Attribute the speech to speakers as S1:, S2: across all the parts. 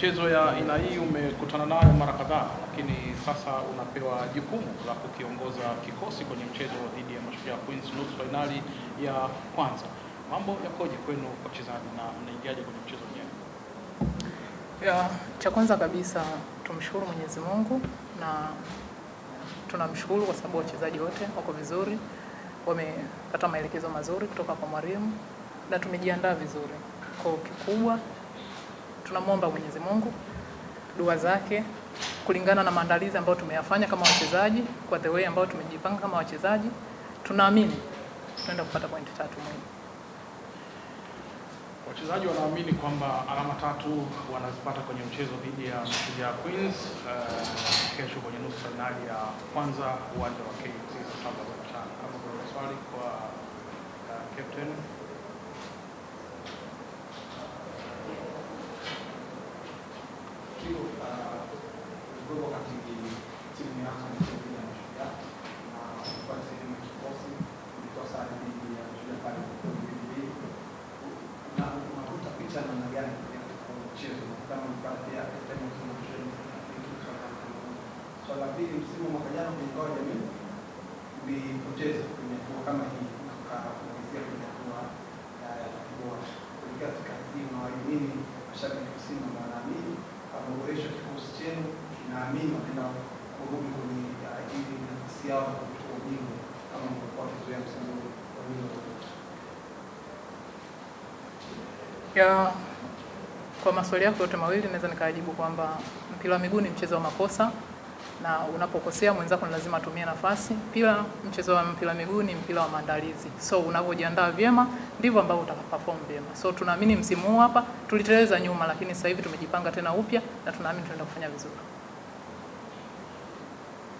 S1: michezo ya aina hii umekutana nayo mara kadhaa, lakini sasa unapewa jukumu la kukiongoza kikosi kwenye mchezo dhidi ya Mashujaa Queens nusu fainali ya kwanza. Mambo yakoje kwenu wachezaji na mnaingiaje kwenye mchezo wenyewe?
S2: Yeah, cha kwanza kabisa tumshukuru Mwenyezi Mungu na tunamshukuru kwa sababu wachezaji wote wako vizuri, wamepata maelekezo mazuri kutoka kwa mwalimu na tumejiandaa vizuri kwa kikubwa Tunamwomba Mwenyezi Mungu dua zake kulingana na maandalizi ambayo tumeyafanya kama wachezaji, kwa the way ambayo tumejipanga kama wachezaji, tunaamini tunaenda kupata pointi tatu muhimu.
S1: Wachezaji wanaamini kwamba alama tatu wanazipata kwenye mchezo dhidi ya Shujaa Queens uh, kesho kwenye nusu fainali ya kwanza uwanja wa KMC. kwa uh, captain
S3: Robo Kapingi timu yako imesaidia Mashujaa na kwa sehemu ya kikosi ilikuwa sare dhidi ya Mashujaa pale kwa mbili na unakuta picha namna gani kwa mchezo kama baadhi ya timu za Mashujaa swala pili, msimu mwaka jana kwenye ngao jamii ulipoteza kwenye hatua kama hii tukakuingia kwenye hatua na kurudi kwenye ajili na nafasi yao na ubingwa kama ilivyokuwa msimu wa
S2: ya kwa maswali yako yote mawili naweza nikajibu kwamba mpira wa miguu ni mchezo wa makosa na unapokosea mwenzako ni lazima atumie nafasi. Pia mchezo wa mpira miguu ni mpira wa maandalizi, so unavyojiandaa vyema ndivyo ambavyo utakaperform vyema. So tunaamini msimu huu hapa tuliteleza nyuma, lakini sasa hivi tumejipanga tena upya na tunaamini tunaenda kufanya vizuri.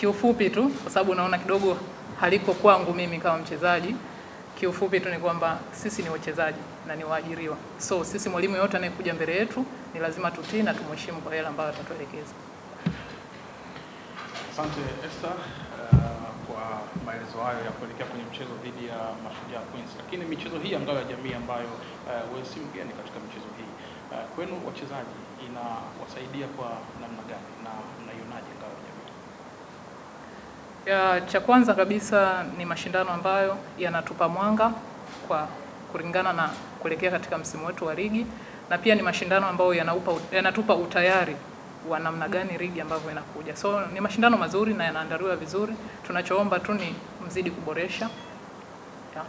S2: kiufupi tu, kwa sababu naona kidogo haliko kwangu mimi kama mchezaji. Kiufupi tu ni kwamba sisi ni wachezaji na ni waajiriwa, so sisi mwalimu yote anayekuja mbele yetu ni lazima tutii na tumheshimu kwa yale ambayo atatuelekeza.
S1: Asante Esther, uh, kwa maelezo hayo ya kuelekea kwenye mchezo dhidi ya Mashujaa Queens. Lakini michezo hii ya ngao ya jamii ambayo uh, wewe si mgeni katika michezo hii uh, kwenu wachezaji inawasaidia kwa namna gani na mnaionaje ngao ya jamii?
S2: Ya, cha kwanza kabisa ni mashindano ambayo yanatupa mwanga kwa kulingana na kuelekea katika msimu wetu wa ligi na pia ni mashindano ambayo yanaupa, yanatupa utayari wa namna gani ligi ambavyo inakuja. So ni mashindano mazuri na yanaandaliwa vizuri. Tunachoomba tu ni mzidi kuboresha. Ya,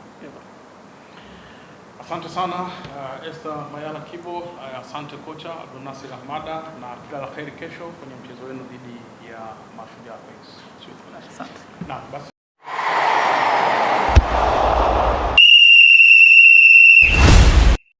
S1: Asante sana uh, Esther Mayala Kibo uh, asante kocha Abdulnasir Ahmada na kila la kheri kesho kwenye mchezo wenu dhidi ya Mashujaa. Asante. Na basi